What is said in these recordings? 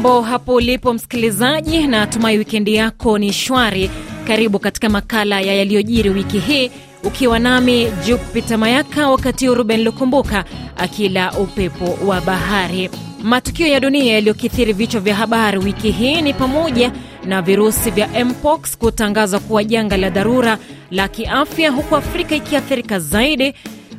Jambo hapo ulipo msikilizaji, na tumai wikendi yako ni shwari. Karibu katika makala ya yaliyojiri wiki hii, ukiwa nami Jupita Mayaka, wakati huu Ruben Lukumbuka akila upepo wa bahari. Matukio ya dunia yaliyokithiri vichwa vya habari wiki hii ni pamoja na virusi vya mpox kutangazwa kuwa janga la dharura la kiafya, huku Afrika ikiathirika zaidi.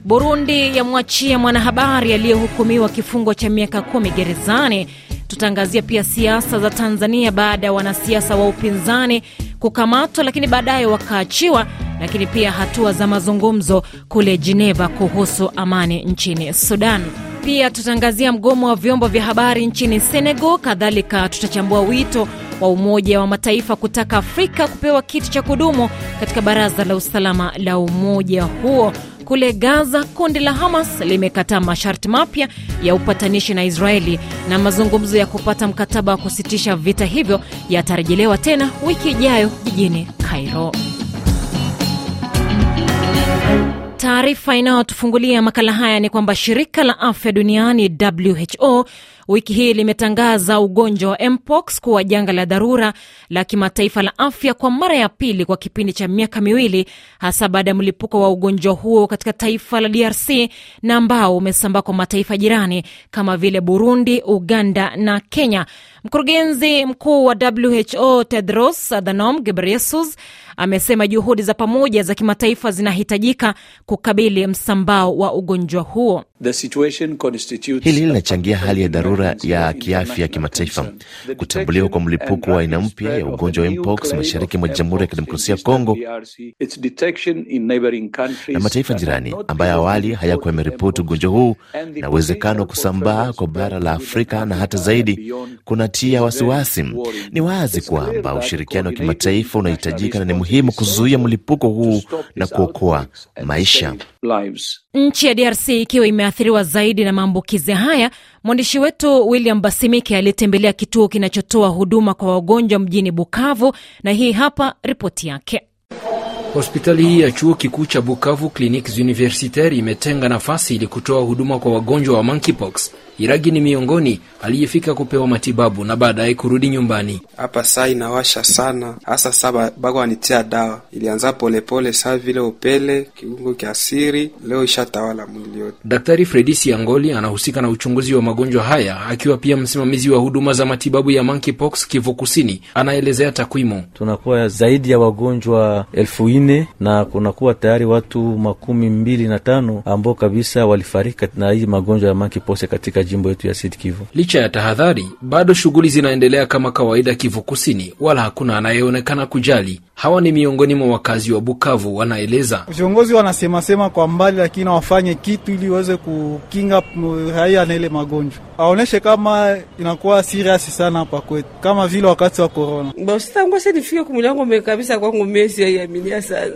Burundi yamwachia mwanahabari aliyehukumiwa kifungo cha miaka kumi gerezani Tutaangazia pia siasa za Tanzania baada ya wanasiasa wa upinzani kukamatwa lakini baadaye wakaachiwa, lakini pia hatua za mazungumzo kule Geneva kuhusu amani nchini Sudan. Pia tutaangazia mgomo wa vyombo vya habari nchini Senegal. Kadhalika tutachambua wito wa Umoja wa Mataifa kutaka Afrika kupewa kiti cha kudumu katika Baraza la Usalama la umoja huo. Kule Gaza, kundi la Hamas limekataa masharti mapya ya upatanishi na Israeli na mazungumzo ya kupata mkataba wa kusitisha vita hivyo yatarejelewa tena wiki ijayo jijini Cairo. Taarifa inayotufungulia makala haya ni kwamba shirika la afya duniani WHO wiki hii limetangaza ugonjwa wa mpox kuwa janga la dharura la kimataifa la afya kwa mara ya pili kwa kipindi cha miaka miwili, hasa baada ya mlipuko wa ugonjwa huo katika taifa la DRC na ambao umesambaa kwa mataifa jirani kama vile Burundi, Uganda na Kenya. Mkurugenzi mkuu wa WHO Tedros Adhanom Ghebreyesus amesema juhudi za pamoja za kimataifa zinahitajika kukabili msambao wa ugonjwa huo. Hili linachangia hali ya dharura ya kiafya ya kimataifa. Kutambuliwa kwa mlipuko wa aina mpya ya ugonjwa wa mpox mashariki mwa Jamhuri ya Kidemokrasia ya Kongo na mataifa jirani ambayo awali hayakuwa yameripoti ugonjwa huu na uwezekano wa kusambaa kwa bara la Afrika na hata zaidi kunatia wasiwasi. Ni wazi kwamba ushirikiano wa kimataifa unahitajika na ni muhimu kuzuia mlipuko huu na kuokoa maisha. Nchi ya DRC ikiwa imeathiriwa zaidi na maambukizi haya, mwandishi wetu William Basimike alitembelea kituo kinachotoa huduma kwa wagonjwa mjini Bukavu, na hii hapa ripoti yake. Hospitali hii ya chuo kikuu cha Bukavu Clinics Universitaire imetenga nafasi ili kutoa huduma kwa wagonjwa wa monkeypox. Iragi ni miongoni aliyefika kupewa matibabu na baadaye kurudi nyumbani. Hapa saa inawasha sana, hasa saba bako anitia dawa, ilianza polepole saa vile upele kiungo kiasiri, leo ishatawala mwili yote. Daktari Fredi Siangoli anahusika na uchunguzi wa magonjwa haya akiwa pia msimamizi wa huduma za matibabu ya monkeypox Kivu Kusini, anaelezea takwimu. Tunakuwa zaidi ya wagonjwa elfu ine na kunakuwa tayari watu makumi mbili na tano ambao kabisa walifarika na hii magonjwa ya makipose katika jimbo yetu ya Sud Kivu. Licha ya tahadhari, bado shughuli zinaendelea kama kawaida Kivu Kusini, wala hakuna anayeonekana kujali. Hawa ni miongoni mwa wakazi wa Bukavu, wanaeleza viongozi wanasemasema kwa mbali, lakini wafanye kitu ili waweze kukinga raia na ile magonjwa, aoneshe kama inakuwa siriasi sana hapa kwetu, kama vile wakati wa korona sana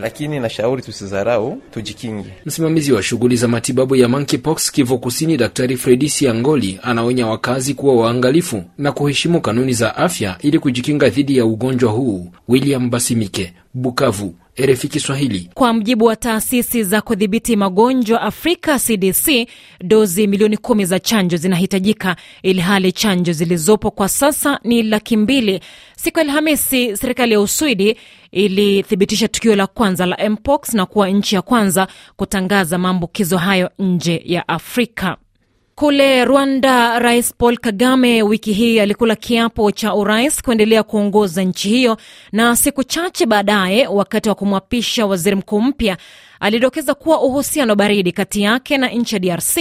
lakini nashauri tusizarau tujikinge. Msimamizi wa shughuli za matibabu ya monkeypox kivo Kusini, Daktari Fredi Siangoli anaonya wakazi kuwa waangalifu na kuheshimu kanuni za afya ili kujikinga dhidi ya ugonjwa huu. William Basimike, Bukavu, RFI Kiswahili. Kwa mjibu wa taasisi za kudhibiti magonjwa Afrika CDC, dozi milioni kumi za chanjo zinahitajika, ili hali chanjo zilizopo kwa sasa ni laki mbili. Siku ya Alhamisi, serikali ya Uswidi ilithibitisha tukio la kwanza la mpox na kuwa nchi ya kwanza kutangaza maambukizo hayo nje ya Afrika. Kule Rwanda, Rais Paul Kagame wiki hii alikula kiapo cha urais kuendelea kuongoza nchi hiyo, na siku chache baadaye, wakati wa kumwapisha waziri mkuu mpya, alidokeza kuwa uhusiano baridi kati yake na nchi ya DRC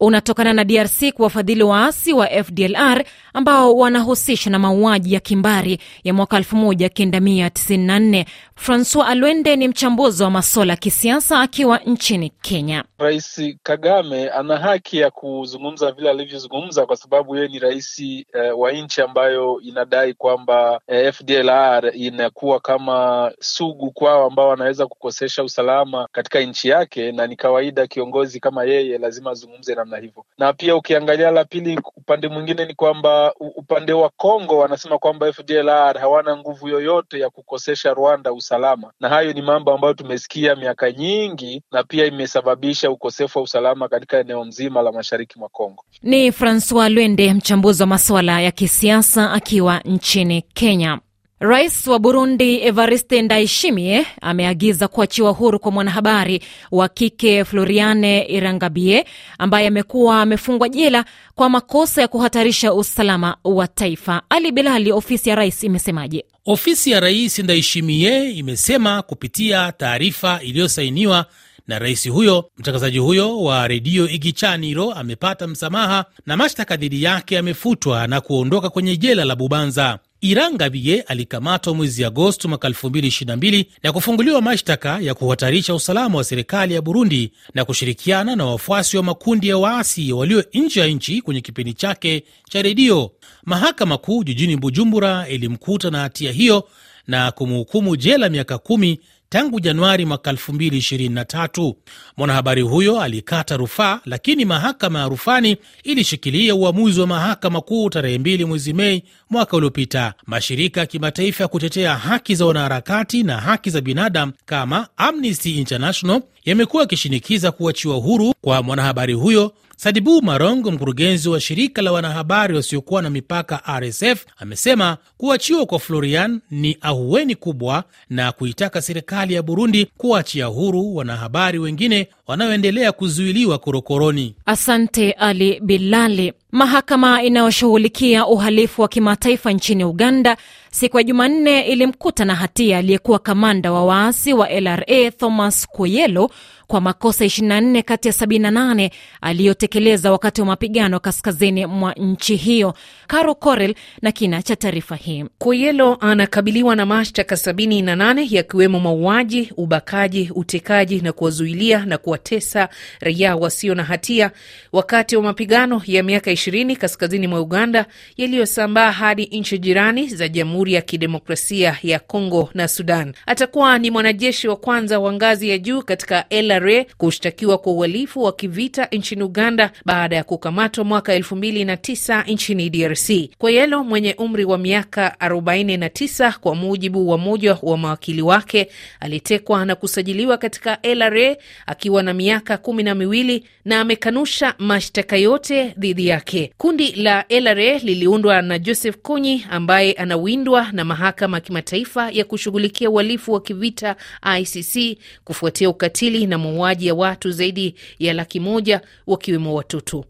unatokana na DRC kuwafadhili waasi wa FDLR ambao wanahusishwa na mauaji ya kimbari ya mwaka 1994. Francois Alwende ni mchambuzi wa masuala ya kisiasa akiwa nchini Kenya. Rais Kagame ana haki ya kuzungumza vile alivyozungumza kwa sababu yeye ni rais eh, wa nchi ambayo inadai kwamba eh, FDLR inakuwa kama sugu kwao ambao wanaweza kukosesha usalama katika nchi yake, na ni kawaida kiongozi kama yeye lazima azungumze namna hivyo. Na pia ukiangalia la pili, upande mwingine ni kwamba upande wa Kongo wanasema kwamba FDLR hawana nguvu yoyote ya kukosesha Rwanda usalama, na hayo ni mambo ambayo tumesikia miaka nyingi, na pia imesababisha ukosefu wa usalama katika eneo mzima la mashariki mwa Kongo. Ni Francois Lwende, mchambuzi wa masuala ya kisiasa akiwa nchini Kenya. Rais wa Burundi Evariste ndaishimie ameagiza kuachiwa huru kwa mwanahabari wa kike Floriane Irangabie ambaye amekuwa amefungwa jela kwa makosa ya kuhatarisha usalama wa taifa. Ali Bilali, ofisi ya rais imesemaje? Ofisi ya rais ndaishimie imesema kupitia taarifa iliyosainiwa na rais huyo, mtangazaji huyo wa redio Igichaniro amepata msamaha na mashtaka dhidi yake yamefutwa na kuondoka kwenye jela la Bubanza. Iran Gabie alikamatwa mwezi Agosti mwaka 2022 na kufunguliwa mashtaka ya kuhatarisha usalama wa serikali ya Burundi na kushirikiana na wafuasi wa makundi ya waasi walio nje ya nchi kwenye kipindi chake cha redio. Mahakama Kuu jijini Bujumbura ilimkuta na hatia hiyo na kumhukumu jela miaka kumi tangu Januari mwaka 2023. Mwanahabari huyo alikata rufaa, lakini mahakama ya rufani ilishikilia uamuzi wa mahakama kuu tarehe 2 mwezi Mei mwaka uliopita. Mashirika ya kimataifa ya kutetea haki za wanaharakati na haki za binadamu kama Amnesty International yamekuwa yakishinikiza kuachiwa huru kwa mwanahabari huyo Sadibu marong mkurugenzi wa shirika la wanahabari wasiokuwa na mipaka RSF, amesema kuachiwa kwa Florian ni ahueni kubwa na kuitaka serikali ya Burundi kuachia huru wanahabari wengine wanaoendelea kuzuiliwa korokoroni. Asante Ali Bilali. Mahakama inayoshughulikia uhalifu wa kimataifa nchini Uganda siku ya Jumanne ilimkuta na hatia aliyekuwa kamanda wa waasi wa LRA Thomas Kuyelo kwa makosa 24 kati ya 78 aliyotekeleza wakati wa mapigano kaskazini mwa nchi hiyo. Caro Corel na kina cha taarifa hii. Kuyelo anakabiliwa na mashtaka 78 yakiwemo mauaji, ubakaji, utekaji na kuwazuilia na kuwatesa raia wasio na hatia wakati wa mapigano ya miaka ishirini kaskazini mwa Uganda yaliyosambaa hadi nchi jirani za Jamhuri ya Kidemokrasia ya Kongo na Sudan. Atakuwa ni mwanajeshi wa kwanza wa ngazi ya juu katika LRA kushtakiwa kwa uhalifu wa kivita nchini Uganda baada ya kukamatwa mwaka elfu mbili na tisa nchini DRC. Koyelo mwenye umri wa miaka 49 kwa mujibu wa mmoja wa mawakili wake alitekwa na kusajiliwa katika LRA akiwa na miaka kumi na miwili na amekanusha mashtaka yote dhidi yake yake. Kundi la LRA liliundwa na Joseph Kony ambaye anawindwa na mahakama ya kimataifa ya kushughulikia uhalifu wa kivita ICC kufuatia ukatili na mauaji ya watu zaidi ya laki moja wakiwemo watoto.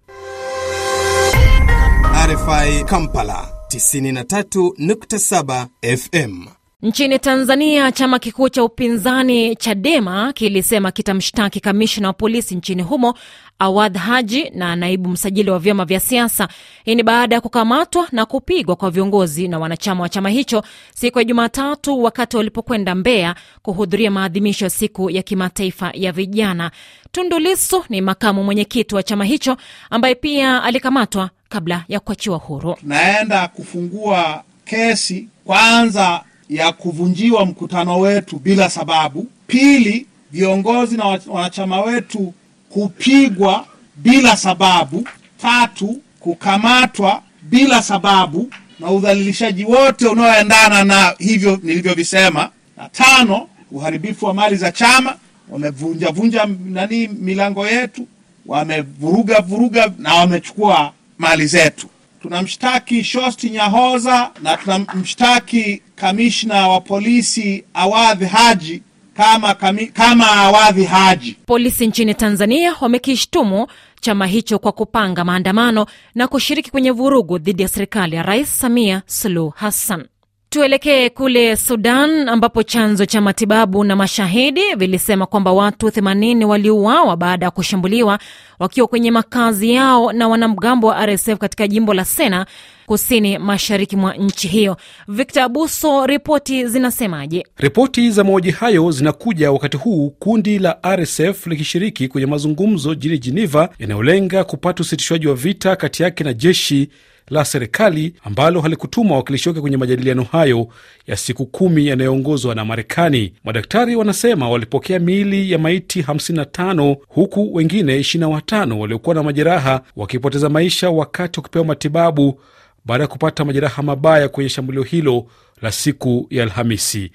RFI Kampala 93.7 FM. Nchini Tanzania, chama kikuu cha upinzani Chadema kilisema kitamshtaki kamishna wa polisi nchini humo Awadh Haji na naibu msajili wa vyama vya siasa. Hii ni baada ya kukamatwa na kupigwa kwa viongozi na wanachama wa chama hicho siku ya Jumatatu wakati walipokwenda Mbeya kuhudhuria maadhimisho ya siku ya kimataifa ya vijana. Tundu Lissu ni makamu mwenyekiti wa chama hicho ambaye pia alikamatwa kabla ya kuachiwa huru. Tunaenda kufungua kesi kwanza ya kuvunjiwa mkutano wetu bila sababu. Pili, viongozi na wanachama wetu kupigwa bila sababu. Tatu, kukamatwa bila sababu na udhalilishaji wote unaoendana na hivyo nilivyovisema. Na tano, uharibifu wa mali za chama. Wamevunja vunja nani milango yetu, wamevuruga vuruga na wamechukua mali zetu tunamshtaki Shosti Nyahoza na tunamshtaki kamishna wa polisi Awadhi Haji kama, kami, kama Awadhi Haji. Polisi nchini Tanzania wamekishtumu chama hicho kwa kupanga maandamano na kushiriki kwenye vurugu dhidi ya serikali ya Rais Samia Suluhu Hassan. Tuelekee kule Sudan ambapo chanzo cha matibabu na mashahidi vilisema kwamba watu 80 waliuawa baada ya kushambuliwa wakiwa kwenye makazi yao na wanamgambo wa RSF katika jimbo la Sena, kusini mashariki mwa nchi hiyo. Victor Abuso, ripoti zinasemaje? Ripoti za mauaji hayo zinakuja wakati huu kundi la RSF likishiriki kwenye mazungumzo jini Geneva yanayolenga kupata usitishwaji wa vita kati yake na jeshi la serikali ambalo halikutuma wawakilishi wake kwenye majadiliano hayo ya siku kumi yanayoongozwa na Marekani. Madaktari wanasema walipokea miili ya maiti 55 huku wengine 25 waliokuwa na majeraha wakipoteza maisha wakati wakipewa matibabu baada ya kupata majeraha mabaya kwenye shambulio hilo la siku ya Alhamisi.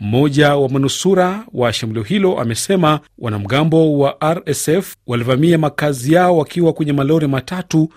Mmoja wa manusura wa shambulio hilo amesema wanamgambo wa RSF walivamia makazi yao wakiwa kwenye malori matatu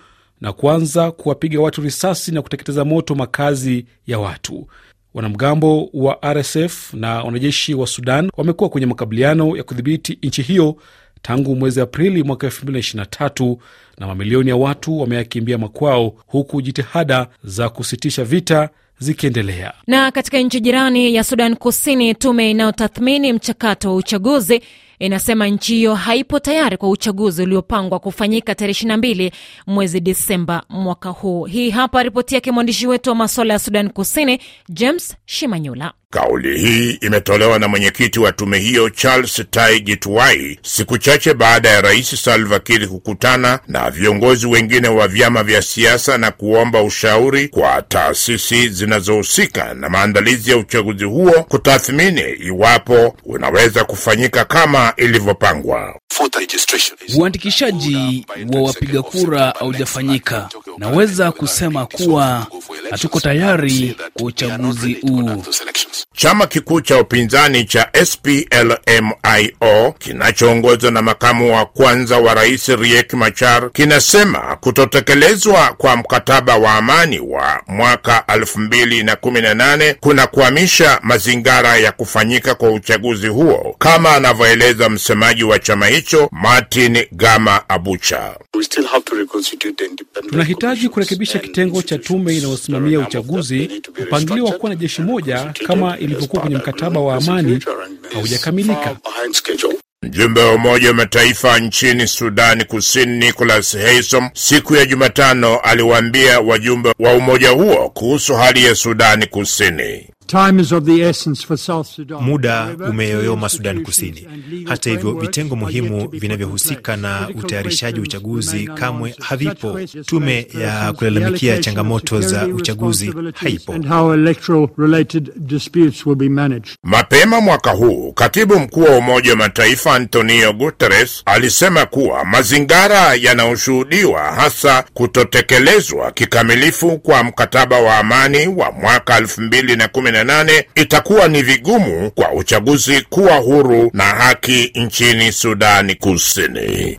na kuanza kuwapiga watu risasi na kuteketeza moto makazi ya watu. Wanamgambo wa RSF na wanajeshi wa Sudan wamekuwa kwenye makabiliano ya kudhibiti nchi hiyo tangu mwezi Aprili mwaka 2023 na mamilioni ya watu wameyakimbia makwao huku jitihada za kusitisha vita zikiendelea. Na katika nchi jirani ya Sudan Kusini, tume inayotathmini mchakato wa uchaguzi inasema nchi hiyo haipo tayari kwa uchaguzi uliopangwa kufanyika tarehe 22 mwezi Disemba mwaka huu. Hii hapa ripoti yake mwandishi wetu wa masuala ya Sudan Kusini, James Shimanyula. Kauli hii imetolewa na mwenyekiti wa tume hiyo Charles Tai siku chache baada ya rais salvakir kukutana na viongozi wengine wa vyama vya siasa na kuomba ushauri kwa taasisi zinazohusika na maandalizi ya uchaguzi huo kutathmini iwapo unaweza kufanyika kama panguar Uandikishaji wa wapiga kura haujafanyika. Naweza kusema kuwa hatuko tayari kwa uchaguzi huu. Chama kikuu cha upinzani cha SPLMIO kinachoongozwa na makamu wa kwanza wa rais Riek Machar kinasema kutotekelezwa kwa mkataba wa amani wa mwaka 2018 kunakwamisha mazingara ya kufanyika kwa uchaguzi huo, kama anavyoeleza msemaji wa chama hicho hicho Martin Gama Abucha. Tunahitaji kurekebisha kitengo cha tume inayosimamia uchaguzi. Mpangilio wa kuwa na jeshi moja kama ilivyokuwa kwenye mkataba wa amani haujakamilika. Mjumbe wa Umoja wa Mataifa nchini Sudani Kusini Nicholas Haysom siku ya Jumatano aliwaambia wajumbe wa umoja huo kuhusu hali ya Sudani Kusini. Muda umeyoyoma Sudan Kusini. Hata hivyo, vitengo muhimu vinavyohusika na utayarishaji wa uchaguzi kamwe havipo. Tume ya kulalamikia changamoto za uchaguzi haipo. Mapema mwaka huu, katibu mkuu wa Umoja wa Mataifa Antonio Guterres alisema kuwa mazingara yanayoshuhudiwa hasa kutotekelezwa kikamilifu kwa mkataba wa amani wa mwaka elfu mbili na kumi 2008 itakuwa ni vigumu kwa uchaguzi kuwa huru na haki nchini Sudani Kusini.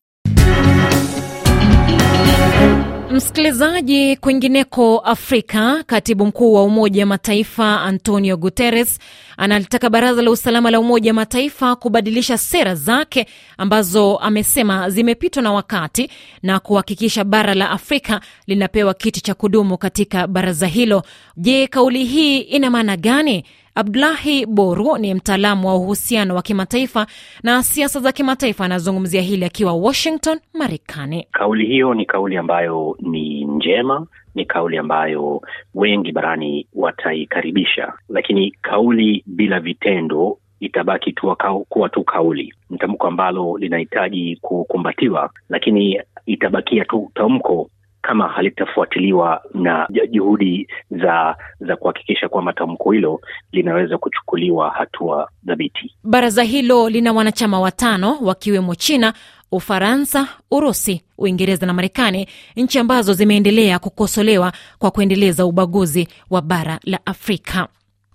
Msikilizaji, kwingineko Afrika, katibu mkuu wa Umoja wa Mataifa Antonio Guterres analitaka Baraza la Usalama la Umoja wa Mataifa kubadilisha sera zake ambazo amesema zimepitwa na wakati na kuhakikisha bara la Afrika linapewa kiti cha kudumu katika baraza hilo. Je, kauli hii ina maana gani? Abdulahi Boru ni mtaalamu wa uhusiano wa kimataifa na siasa za kimataifa, anazungumzia hili akiwa Washington, Marekani. Kauli hiyo ni kauli ambayo ni njema, ni kauli ambayo wengi barani wataikaribisha, lakini kauli bila vitendo itabaki tu kuwa tu kauli, ni tamko ambalo linahitaji kukumbatiwa, lakini itabakia tu tamko kama halitafuatiliwa na juhudi za za kuhakikisha kwamba tamko hilo linaweza kuchukuliwa hatua dhabiti Baraza hilo lina wanachama watano wakiwemo China, Ufaransa, Urusi, Uingereza na Marekani, nchi ambazo zimeendelea kukosolewa kwa kuendeleza ubaguzi wa bara la Afrika.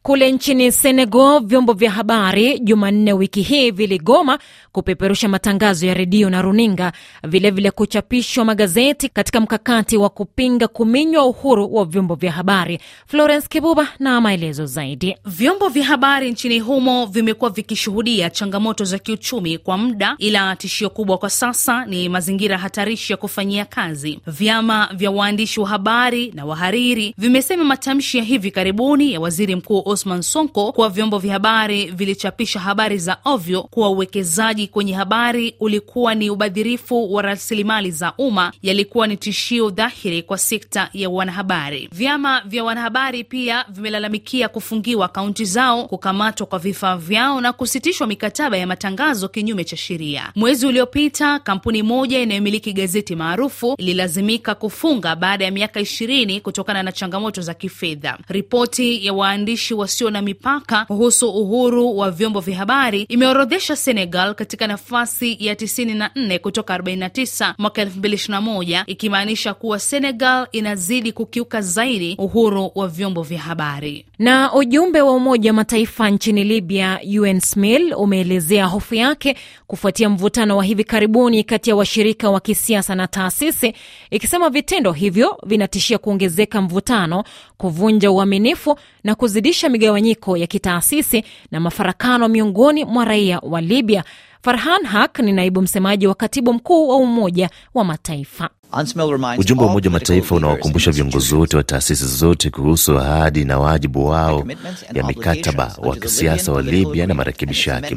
Kule nchini Senegal, vyombo vya habari Jumanne wiki hii viligoma kupeperusha matangazo ya redio na runinga, vilevile kuchapishwa magazeti katika mkakati wa kupinga kuminywa uhuru wa vyombo vya habari. Florence Kibuba na maelezo zaidi. Vyombo vya habari nchini humo vimekuwa vikishuhudia changamoto za kiuchumi kwa muda, ila tishio kubwa kwa sasa ni mazingira hatarishi ya kufanyia kazi. Vyama vya waandishi wa habari na wahariri vimesema matamshi ya hivi karibuni ya waziri mkuu Osman Sonko kuwa vyombo vya habari vilichapisha habari za ovyo kuwa uwekezaji kwenye habari ulikuwa ni ubadhirifu wa rasilimali za umma, yalikuwa ni tishio dhahiri kwa sekta ya wanahabari. Vyama vya wanahabari pia vimelalamikia kufungiwa akaunti zao, kukamatwa kwa vifaa vyao na kusitishwa mikataba ya matangazo kinyume cha sheria. Mwezi uliopita, kampuni moja inayomiliki gazeti maarufu ililazimika kufunga baada ya miaka ishirini kutokana na changamoto za kifedha. Ripoti ya waandishi wasio na mipaka kuhusu uhuru wa vyombo vya habari imeorodhesha Senegal katika nafasi ya 94 kutoka 49 mwaka 2021 ikimaanisha kuwa Senegal inazidi kukiuka zaidi uhuru wa vyombo vya habari. Na ujumbe wa Umoja wa Mataifa nchini Libya smil umeelezea hofu yake kufuatia mvutano wa hivi karibuni kati ya washirika wa kisiasa na taasisi, ikisema vitendo hivyo vinatishia kuongezeka mvutano, kuvunja uaminifu na kuzidisha migawanyiko ya kitaasisi na mafarakano miongoni mwa raia wa Libya Farhan Haq ni naibu msemaji wa katibu mkuu wa Umoja wa Mataifa. Ujumbe wa Umoja wa Mataifa unawakumbusha viongozi wote wa taasisi zote kuhusu ahadi na wajibu wao ya mikataba wa kisiasa wa Libya na marekebisho yake.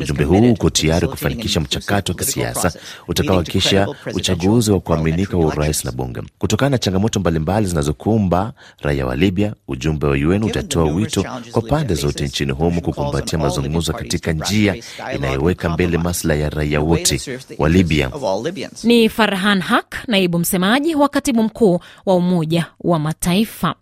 Ujumbe huu uko tayari kufanikisha mchakato wa kisiasa utakaohakikisha uchaguzi wa kuaminika wa urais na bunge. Kutokana na changamoto mbalimbali zinazokumba raia wa Libya, ujumbe wa UN utatoa wito kwa pande zote nchini humo kukumbatia mazungumzo katika njia inayoweka kuweka mbele maslahi ya raia wote wa Libya. Ni Farhan Haq, naibu msemaji wa katibu mkuu wa Umoja wa Mataifa.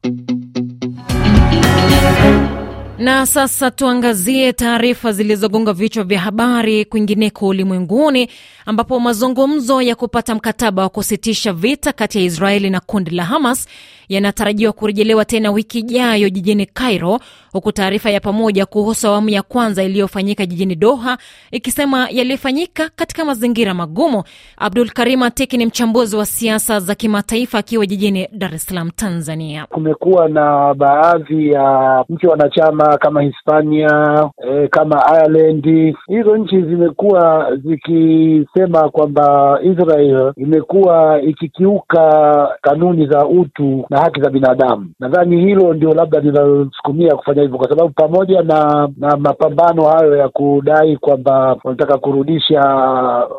Na sasa tuangazie taarifa zilizogonga vichwa vya habari kwingineko ulimwenguni, ambapo mazungumzo ya kupata mkataba wa kusitisha vita kati ya Israeli na kundi la Hamas yanatarajiwa kurejelewa tena wiki ijayo jijini Cairo, huku taarifa ya pamoja kuhusu awamu ya kwanza iliyofanyika jijini Doha ikisema yaliyofanyika katika mazingira magumu. Abdul Karim Atiki ni mchambuzi wa siasa za kimataifa akiwa jijini Dar es Salaam, Tanzania. Kumekuwa na baadhi ya nchi wanachama kama Hispania eh, kama Ireland, hizo nchi zimekuwa zikisema kwamba Israel imekuwa ikikiuka kanuni za utu na haki za binadamu. Nadhani hilo ndio labda linalosukumia kufanya hivyo, kwa sababu pamoja na, na mapambano hayo ya kudai kwamba wanataka kurudisha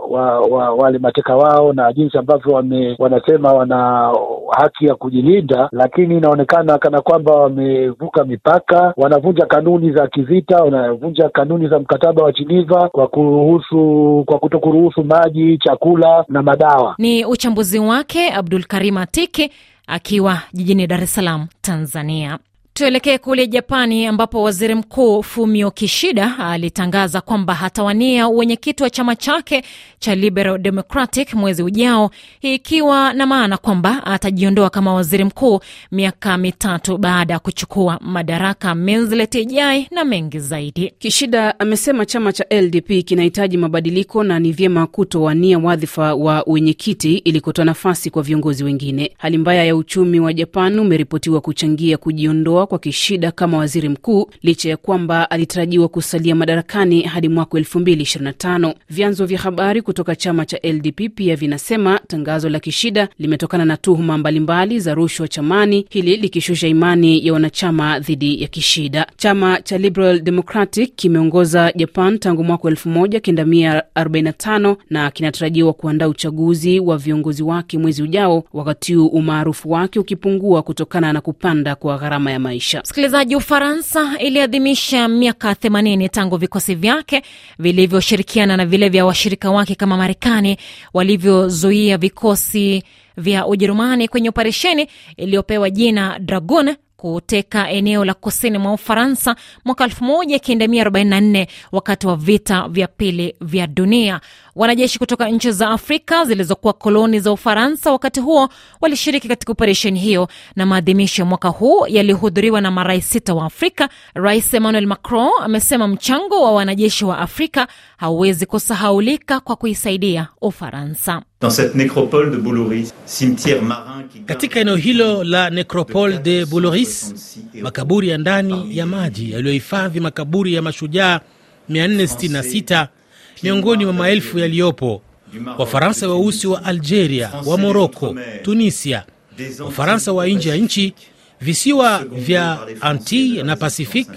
wa, wa, wale mateka wao na jinsi ambavyo wame, wanasema wana haki ya kujilinda, lakini inaonekana kana kwamba wamevuka mipaka, wanavunja kanuni za kivita, wanavunja kanuni za mkataba wa Geneva kwa kuruhusu kwa kuruhusu maji, chakula na madawa. Ni uchambuzi wake Abdul Karim Atiki akiwa jijini Dar es Salaam, Tanzania. Tuelekee kule Japani ambapo waziri mkuu Fumio Kishida alitangaza kwamba hatawania uwenyekiti wa chama chake cha Liberal Democratic mwezi ujao, hii ikiwa na maana kwamba atajiondoa kama waziri mkuu miaka mitatu baada ya kuchukua madaraka. Minzlet Ijai na mengi zaidi. Kishida amesema chama cha LDP kinahitaji mabadiliko na ni vyema kutowania wadhifa wa uwenyekiti ili kutoa nafasi kwa viongozi wengine. Hali mbaya ya uchumi wa Japan umeripotiwa kuchangia kujiondoa kuwa kwa Kishida kama waziri mkuu licha ya kwamba alitarajiwa kusalia madarakani hadi mwaka 225 Vyanzo vya habari kutoka chama cha LDP pia vinasema tangazo la Kishida limetokana na tuhuma mbalimbali za rushwa chamani, hili likishusha imani ya wanachama dhidi ya Kishida. Chama cha Liberal Democratic kimeongoza Japan tangu mwaka 1945 na kinatarajiwa kuandaa uchaguzi wa viongozi wake mwezi ujao, wakati huu umaarufu wake ukipungua kutokana na kupanda kwa gharama ya maisha maisha. Msikilizaji, Ufaransa iliadhimisha miaka 80 tangu vikosi vyake vilivyoshirikiana na vile vya washirika wake kama Marekani walivyozuia vikosi vya Ujerumani kwenye operesheni iliyopewa jina Dragon kuteka eneo la kusini mwa Ufaransa mwaka 1944 wakati wa vita vya pili vya dunia. Wanajeshi kutoka nchi za Afrika zilizokuwa koloni za Ufaransa wakati huo walishiriki katika operesheni hiyo, na maadhimisho ya mwaka huu yaliyohudhuriwa na marais sita wa Afrika. Rais Emmanuel Macron amesema mchango wa wanajeshi wa Afrika hauwezi kusahaulika kwa kuisaidia Ufaransa. Katika eneo hilo la Necropole de Bouloris, makaburi ya ndani ya maji yaliyohifadhi makaburi ya mashujaa 466 miongoni mwa maelfu yaliyopo: Wafaransa weusi wa Algeria, wa Moroko, Tunisia, Wafaransa wa nje ya nchi Visiwa vya anti na Pacific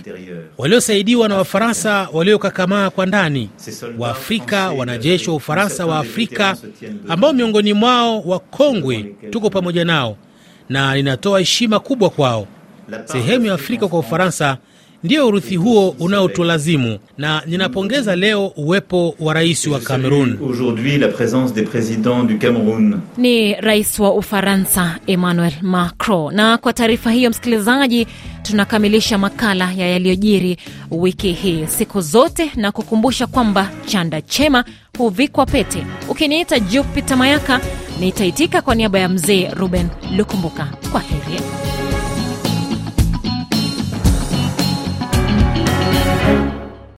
waliosaidiwa na Wafaransa waliokakamaa kwa ndani, Waafrika, wanajeshi wa Ufaransa wa Afrika ambao miongoni mwao wakongwe tuko pamoja nao na ninatoa heshima kubwa kwao. Sehemu ya Afrika kwa Ufaransa ndiyo urithi huo unaotulazimu, na ninapongeza leo uwepo wa rais wa Kamerun. Ni rais wa Ufaransa Emmanuel Macron. Na kwa taarifa hiyo, msikilizaji, tunakamilisha makala ya yaliyojiri wiki hii siku zote, na kukumbusha kwamba chanda chema huvikwa pete. Ukiniita Jupita Mayaka nitaitika kwa niaba ya mzee Ruben Lukumbuka. Kwa heri.